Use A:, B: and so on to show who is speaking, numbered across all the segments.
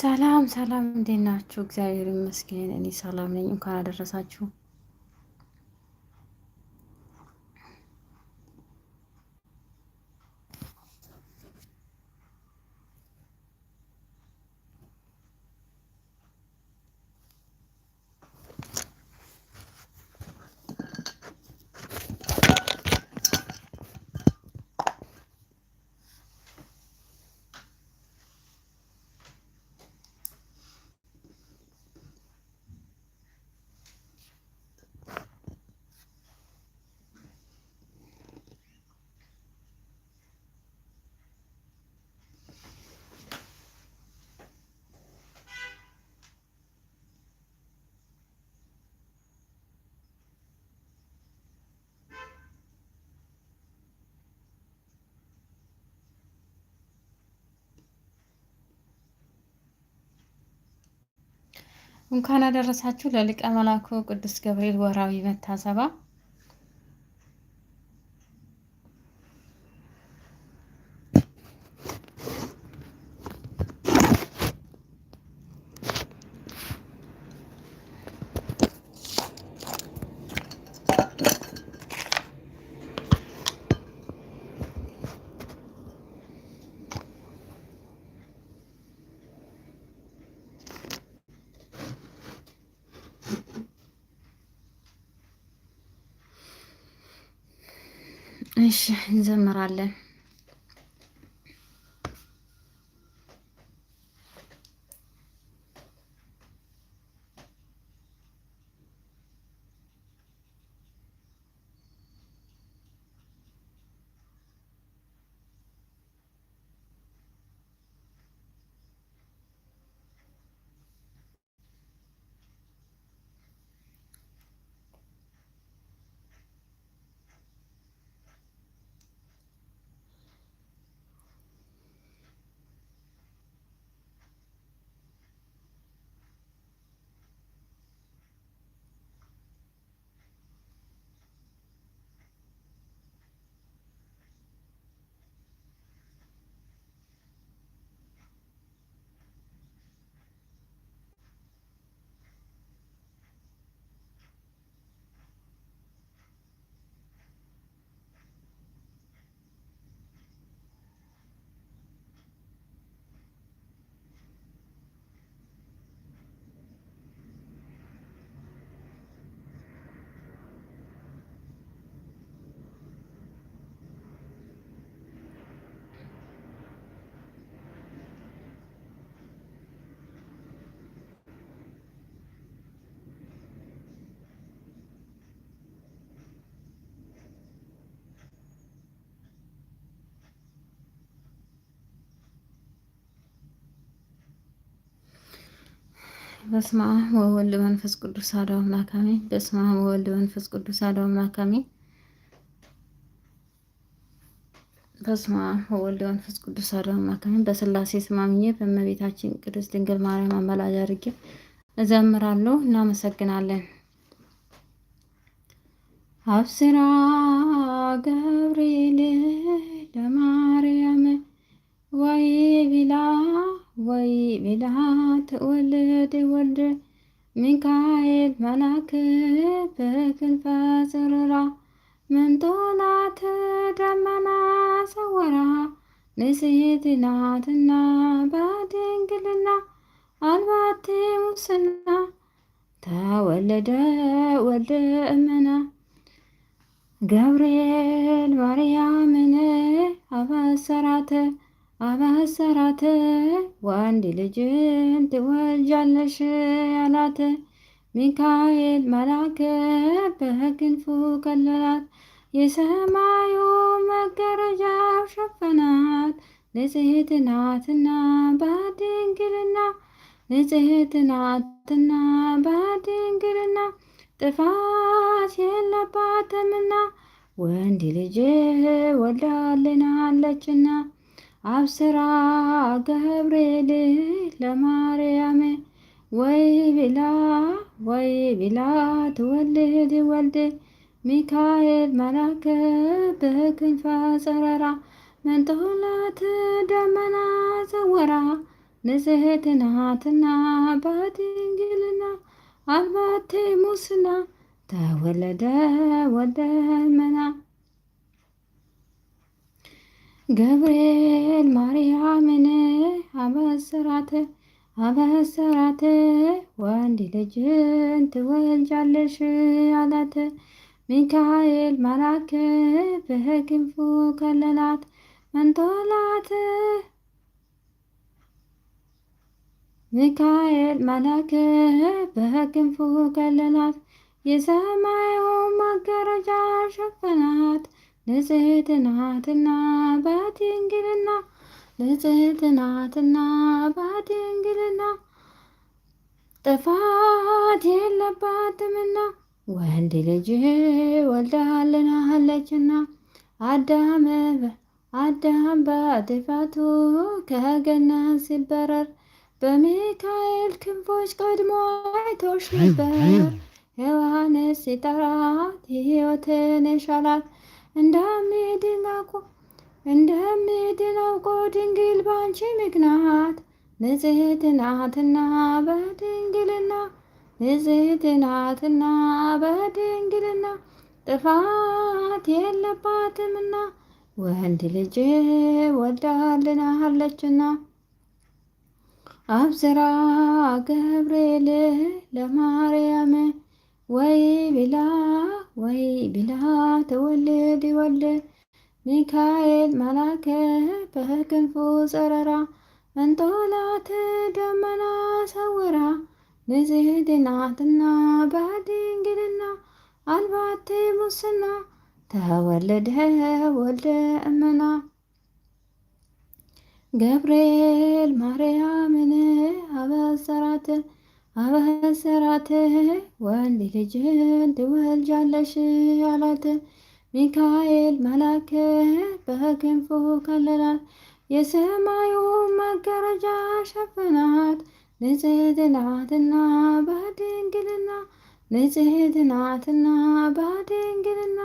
A: ሰላም ሰላም፣ እንዴት ናችሁ? እግዚአብሔር ይመስገን እኔ ሰላም ነኝ። እንኳን አደረሳችሁ እንኳን አደረሳችሁ ለሊቀ መላኩ ቅዱስ ገብርኤል ወራዊ መታሰባ እሺ እንዘምራለን። በስመ አብ ወወልድ መንፈስ ቅዱስ አሐዱ አምላክ አሜን። በስመ አብ ወወልድ መንፈስ ቅዱስ አሐዱ አምላክ አሜን። በስመ አብ ወወልድ መንፈስ ቅዱስ አሐዱ አምላክ አሜን። በስላሴ ስም አምኜ በእመቤታችን ቅድስት ድንግል ማርያም አማላጅ አድርጌ እዘምራለሁ። እናመሰግናለን። አብስራ ገብርኤል ለማርያም ወይ ቢላ ወይ ቤዳት ወልድ ወልድ ሚካኤል መላክ በክንፈ ጽርራ መምጦናት ደመና ሰወራ ንስሕትናትና በድንግልና አልባቲ ሙስና ተወለደ ወልድ እምነ ገብርኤል ማርያምን አበሰራት አበሰራት ወንድ ልጅን ትወልጃለሽ ያላት ሚካኤል መላከ በክንፉ ከለላት፣ የሰማዩ መጋረጃ ሸፈናት። ንጽሕት ናትና በድንግልና ንጽሕት ናትና በድንግልና ጥፋት የለባትምና ወንድ ልጅ ወልዳልናለችና አብስራ ገብርኤል ለማርያም ወይ ብላ ወይ ብላ ትወልድ ወልድ ሚካኤል መላከ በክንፈ ጽረራ መንጦላት ደመና ዘወራ ንጽሕት ናትና ባድንግልና አልባቴ ሙስና ተወለደ ወልደ እመና ገብርኤል ማርያምን አበሰራት አበሰራት ወንድ ልጅን ትወልጃለሽ አላት። ሚካኤል መልአክ በክንፉ ከለላት መንጦላት። ሚካኤል መልአክ በክንፉ ከለላት የሰማዩ መጋረጃ ሸፈናት። ንጽሕት ናትና በድንግልና ንጽሕት ናትና በድንግልና ጥፋት የለባትምና ወንድ ልጅ ወልዳልናለችና አዳም አዳም በጥፋቱ ከገና ሲበረር በሚካኤል ክንፎች ቀድሞ አይቶሽ ነበር። ሔዋንስ ሲጠራት ሕይወትን ይሻላት እንደምድን አውቆ እንደምድን አውቆ ድንግል ባንቺ ምክንያት ንጽሕት ናትና በድንግልና ንጽሕት ናትና በድንግልና ጥፋት የለባትምና ወንድ ልጅ ወልዳልናሃለችና አብስራ ገብርኤል ለማርያም ወይብላ ወይብላ ተወልድ ይወልድ ሚካኤል መላከ በክንፉ ጸረራ እንጦላት ደመና ሰውራ ንጽሕት ናትና በድንግልና አልባቲ ሙስና ተወለደ ወልደ እመና ገብርኤል ማርያምን አበሰራት አበሰራት ወንድ ልጅን ትወልጃለሽ አላት። ሚካኤል መልአክ በክንፉ ከለላት፣ የሰማዩ መጋረጃ ሸፈናት። ንጽሕት ናትና በድንግልና ንጽሕት ናትና በድንግልና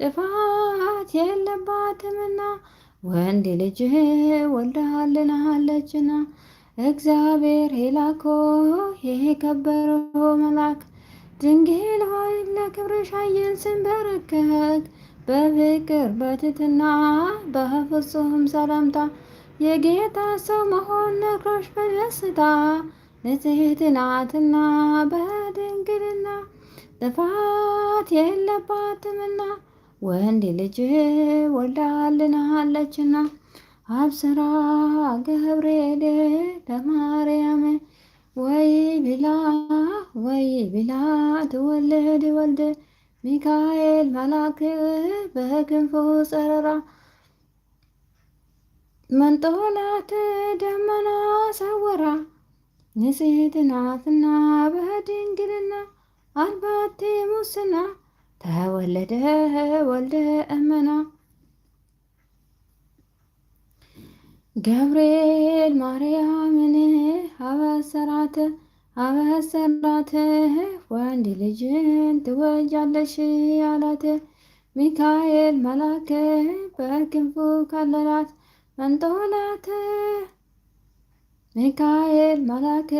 A: ጥፋት የለባትምና ወንድ ልጅ ወልዳልናለችና እግዚአብሔር የላኮ ይሄ የከበረው መልአክ ድንግል ሆይ ለክብርሽ አየን ስንበረከክ በፍቅር በትትና በፍጹም ሰላምታ የጌታ ሰው መሆን ነግሮሽ በደስታ ንጽሕት ናትና በድንግልና ጥፋት የለባትምና ወንድ ልጅ ወልዳልናለችና አብሰራ ገብርኤል ለማርያም ወይ ብላ ወይ ብላ ትወልድ ወልድ ሚካኤል መላክ በክንፉ ጸረራ መንጦላት ደመና ሰወራ ንጽሕት ናትና በድንግልና አልባቲ ሙስና ተወለደ ወልደ እመና ገብርኤል ማርያምን አበሰራት አበሰራት ወንድ ልጅን ትወልጃለሽ አላት። ሚካኤል መልአክ በክንፉ ከለላት መንጦላት። ሚካኤል መልአክ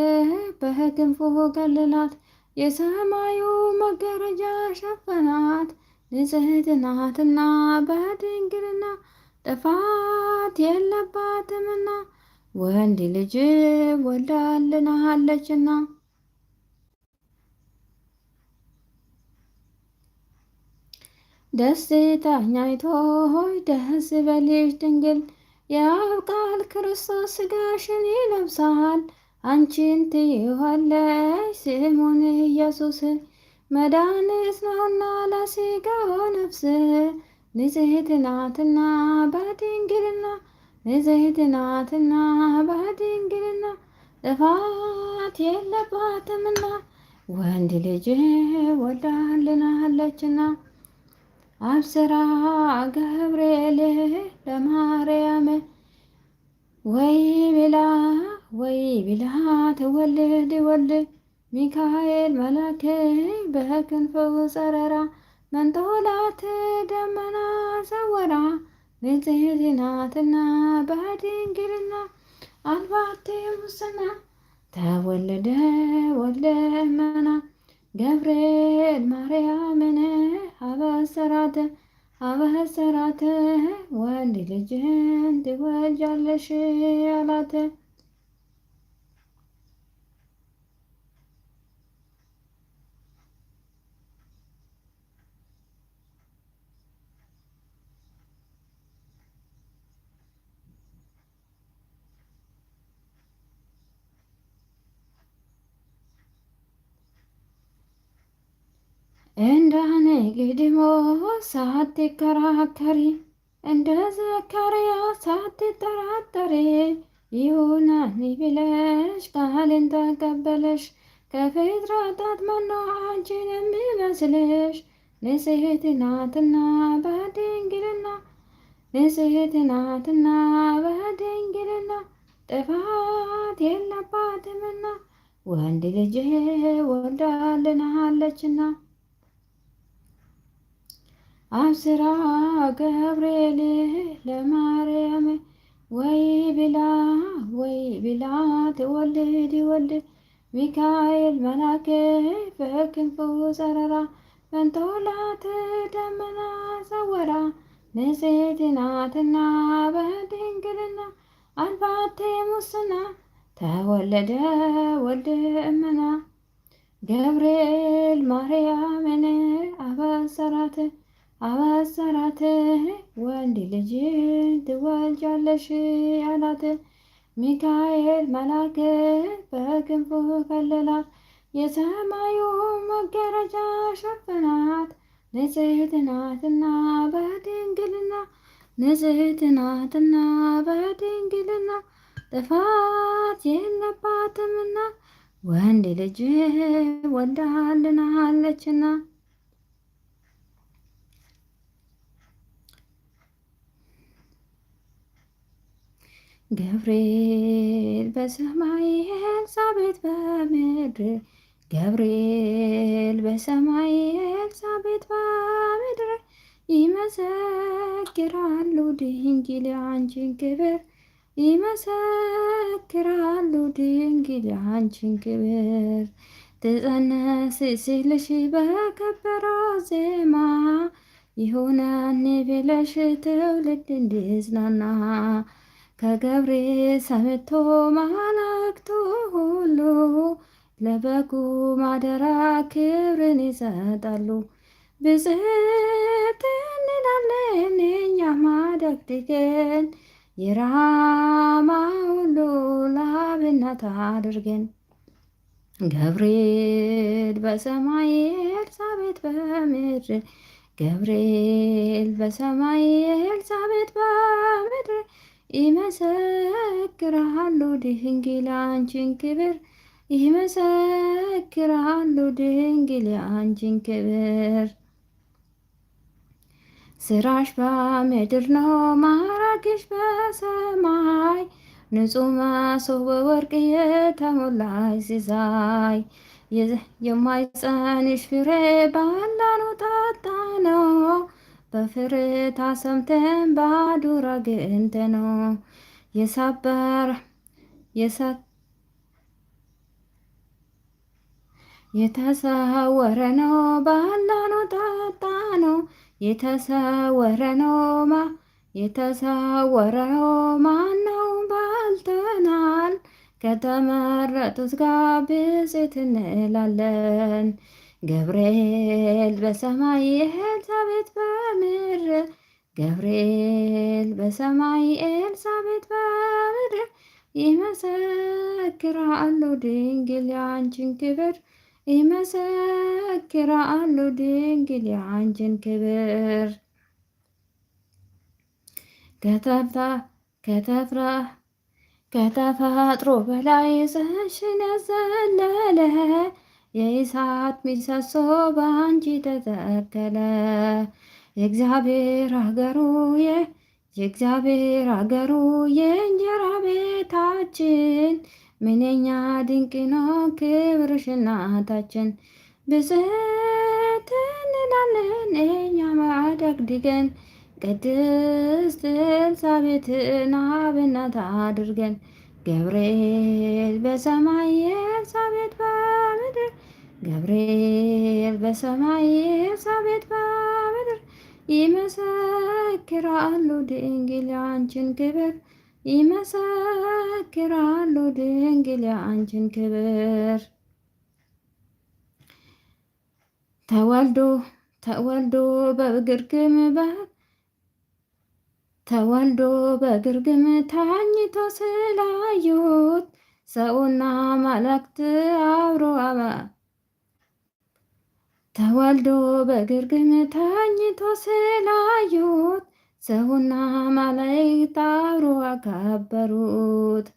A: በክንፉ ከለላት። የሰማዩ መጋረጃ ሸፈናት። ንጽሕት ናትና በድንግልና ጥፋት የለባትምና ወንድ ልጅ ወልዳልናሃለችና ደስታኛይቶ ሆይ ደስ በልሽ ድንግል የአብ ቃል ክርስቶስ ስጋሽን ይለብሳል። አንቺን ትይኋለሽ ስሙን ኢየሱስ መድኃኒት ነውና ለሥጋው ነፍስ ንጽሕት ናትና በድንግልና ንጽሕት ናትና በድንግልና ጥፋት የለባትምና ወንድ ልጅ ወልዳልናለችና አብስራ ገብርኤል ለማርያም ወይ ብላ ወይ ብላ ትወልድ ወልድ ሚካኤል መላክ በክንፈው ጸረራ መንጦላት ደመና ሰወራ ንጽሕት ናትና በድንግልና አልባቴ ሙስና ተወለደ ወልደ ገብርኤል ማርያምን አበሰራት አበሰራት ወንድ ልጅን ትወልጃለሽ አላት። እንዳነ ቂዲሞ ሳትከራከሪ እንደ ዘካርያስ ሳትጠራጠሪ ይሁናኒ ብለሽ ቃልን ተቀበለሽ ከፍጥረታት ማን አንቺን የሚመስልሽ? ንጽሕት ናትና በድንግልና ንጽሕት ናትና በድንግልና ጥፋት የለባትምና ወንድ ልጅ ወልዳልናለችና አብስራ ገብርኤል ለማርያም ወይ ብላ ወይ ብላ ትወልድ ይወልድ ሚካኤል መላኬ በክንፉ ሰረራ በንቶላት ደመና ሰወራ ንጽሕት ናትና በድንግልና አልባቴ ሙስና ተወለደ ወልድ እመና ገብርኤል ማርያምን አበሰራት አበሰራት። ወንድ ልጅ ትወልጃለሽ አላት። ሚካኤል መላክ በክንፉ ከለላት፣ የሰማዩ መጋረጃ ሸፈናት። ንጽሕት ናትና በድንግልና ንጽሕት ናትና በድንግልና ጥፋት የለባትምና ወንድ ልጅ ወልዳልናለችና ገብርኤል በሰማይ ኤልሳቤጥ በምድር ገብርኤል በሰማይ ኤልሳቤጥ በምድር ይመሰክራሉ ድንግል አንቺን ክብር ይመሰክራሉ ድንግል አንቺን ክብር ትጸነስ ሲልሽ በከበረው ዜማ ይሁነን ብለሽ ትውልድ እንዲዝናና ከገብሬ ሰምቶ ማላክቶ ሁሉ ለበጉ ማደራ ክብርን ይሰጣሉ። ብጽሕት እንላለን እኛ ማደግድገን የራማ ሁሉ ለአብነት አድርገን ገብርኤል በሰማይ ኤልሳቤት በምድር ገብርኤል በሰማይ ኤልሳቤት በምድር ይመሰክርሃሉ ድንግል አንቺን ክብር ይመሰክርሃሉ ድንግል አንቺን ክብር ስራሽ በምድር ነው ማራኪሽ በሰማይ ንጹህ መሶብ በወርቅ የተሞላሽ ሲሳይ የማኅፀንሽ ፍሬ ባላኑ ጣጣ ነው በፍርሃት ሰምተን ባዱር አግኝተን የሰበር የተሰወረ ነው ባላኖ ጠጣ ነው የተሰወረ ነው ማ የተሰወረ ነው ማነው ባልተናል ከተመረጡት ጋር እንላለን። ገብርኤል በሰማይ ኤልሳቤጥ በምድር ገብርኤል በሰማይ ኤልሳቤጥ በምድር ይመሰክራሉ ድንግል ያንቺን ክብር ይመሰክራሉ ድንግል ያንቺን ክብር ከተፍታ ከተፍራ ከተፈጥሮ በላይ ስሽን ያዘለለ የእሳት ምሰሶ በአንቺ ተተከለ። የእግዚአብሔር አገሩ የእግዚአብሔር አገሩ የእንጀራ ቤታችን ምንኛ ድንቅ ነው ክብርሽ እናታችን። ብፅዕት እንላለን እኛም አደግድገን ቅድስት ኤልሳቤጥን አብነት አድርገን ገብርኤል በሰማይ ኤልሳቤጥ በምድር ገብርኤል በሰማይ ኤልሳቤጥ በምድር ይመሰክራሉ ድንግል አንቺን ክብር ይመሰክራሉ ድንግል አንቺን ክብር ተወልዶ ተወልዶ በግርግም በት ተወልዶ በግርግም ታኝቶ ስላዩት ሰውና መላእክት አብሮ ተወልዶ በግርግም ታኝቶ ስላዩት ሰውና መላእክት አብሮ አከበሩት።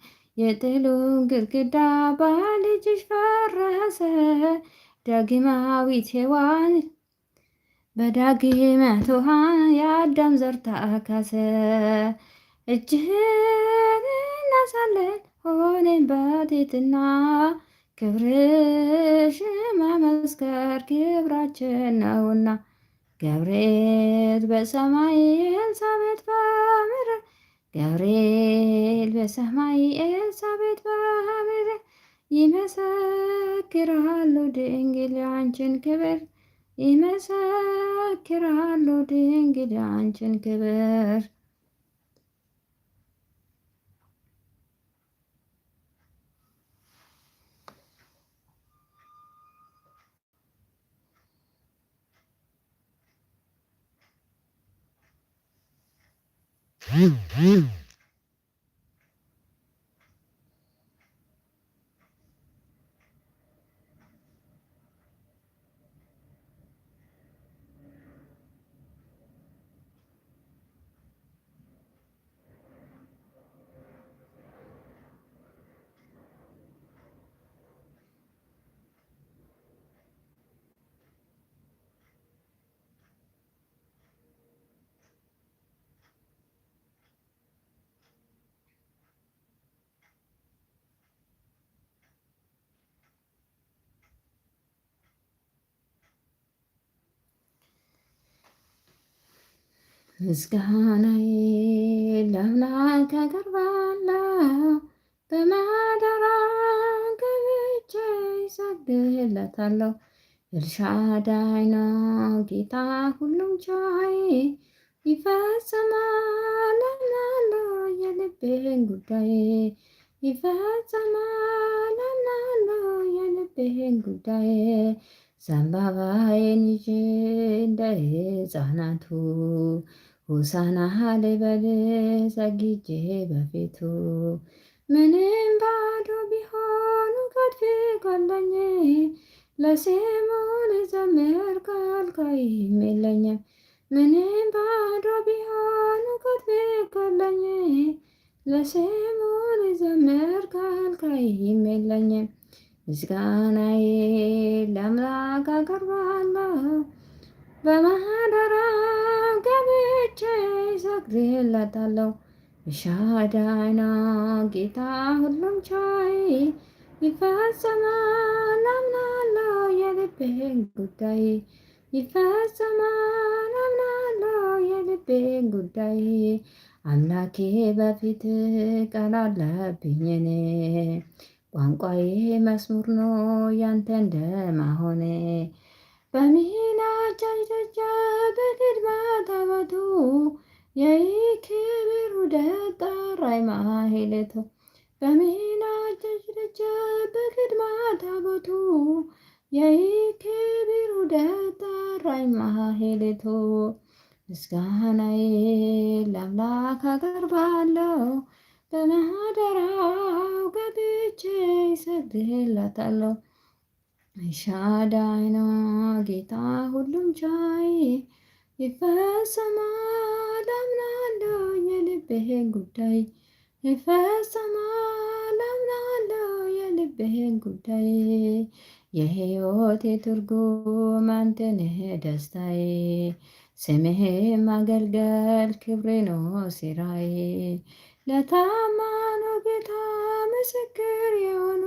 A: የጥሉ ግድግዳ በልጅሽ ፈረሰ ዳግማዊት ሔዋን በዳግመት ውሃ የአዳም ዘርታ አካሰ እጅህን እናሳለን ሆነን በቴትና ክብርሽ መመስከር ክብራችን ነውና ገብርኤል በሰማይ ኤልሳቤጥ በምድር ገብርኤል በሰማይ ኤልሳቤጥ በምድር ይመሰክራሉ ድንግል አንቺን ክብር ይመሰክራሉ ድንግል አንቺን ክብር ምስጋናዬ ለአምላክ አቀርባለሁ በማደራ ገብቼ እሰግድለታለሁ። ኤልሻዳይ ነው ጌታ ሁሉም ቻይ ይፈጽማል አምናለሁ የልቤን ጉዳይ ይፈጽማል አምናለሁ የልቤን ጉዳይ ዘንባባዬን ይዤ እንደ ሕፃናቱ ሆሳዕና ልበል ሰግጄ በፊቱ ምንም ባዶ ቢሆኑ ከድፊ ጓለኝ ለስሙ ልዘምር ካልካይም የለኝም። ምንም ባዶ ቢሆኑ ከድፊ ጓለኝ ለስሙ ልዘምር ካልካይም የለኝም። ምስጋናዬ ለአምላክ አቀርባለሁ በማህደራ ገብቼ ሰግድለታለሁ። የሻዳይና ጌታ ሁሉም ቻይ ይፈጸማል አምናለሁ። የልቤን ጉዳይ ይፈጸማል አምናለሁ። የልቤን ጉዳይ አምላኬ በፊት ቃል አለብኝ እኔ ቋንቋዬ መዝሙር ነው ያንተ እንደማሆኔ በሚናቻይተቻ በቅድማታባቱ የይክብር ውደጣራይ ማሂለቱ በሚናቻይተቻ በቅድማታባቱ የይክብር ውደጣራይ ማሂለቱ ምስጋናዬ ለአምላክ አቀርባለሁ በማደራው ገብቼ ይሰግድለታለሁ። አይሻዳይ ነው ጌታ ሁሉም ቻይ ይፈጸማል አምናለሁ የልብህን ጉዳይ ይፈጸማል አምናለሁ የልብህን ጉዳይ የሕይወቴ ትርጉም አንተ ነህ ደስታዬ ስምህ ማገልገል ክብሬ ነው ስራዬ ለታማኖ ጌታ ምስክር የሆኑ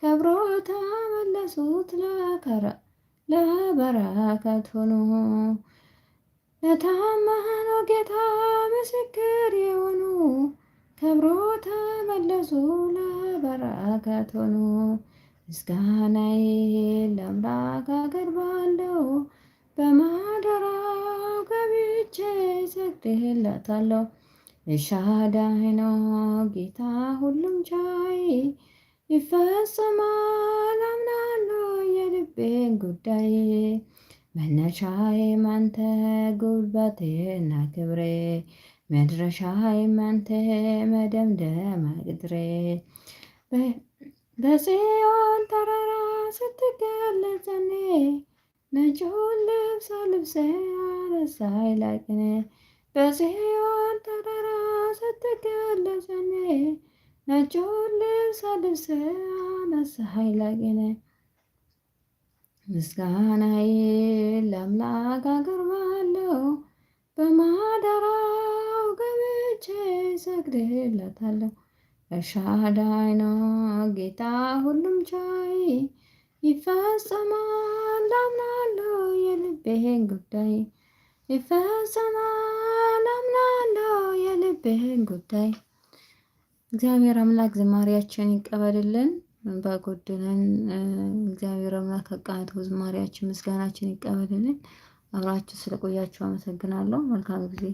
A: ከብሮ ተመለሱት ለበረከት ሁኑ። ለታመኑ ጌታ ምስክር የሆኑ ከብሮ ተመለሱ ለበረከት ሁኑ። ምስጋና ለአምላክ አገር ባለው በማደራው ገብቼ ሰግድለታለሁ። እሻዳይ ነው ጌታ ሁሉም ቻይ ይፈጽማል አምናለሁ የልቤን ጉዳይ መነሻዬ ማንተ ጉልበቴና ክብሬ መድረሻዬ ማንተ መደምደማ ቅጥሬ በጽዮን ተራራ ስትገለጽ እኔ ልብስ ልብሴ አነሳኝ ላቅኔ በጽዮን ተራራ ስትገለጽ ነጩን ልብስ አልብሰ አነሳኸኝ ላቄነ ምስጋናዬ ለአምላክ አቀርባለሁ። በማደሪያው ገብቼ ሰግድለታለሁ። ኤልሻዳይ ነው ጌታ ሁሉም ቻይ፣ ይፈጸማል አምናለሁ የልቤን ጉዳይ ይፈጸማል አምናለሁ የልቤን ጉዳይ እግዚአብሔር አምላክ ዝማሪያችን ይቀበልልን። ባጎደለን እግዚአብሔር አምላክ አቃናት ዝማሬያችን ምስጋናችን ይቀበልልን። አብራችሁ ስለቆያችሁ አመሰግናለሁ። መልካም ጊዜ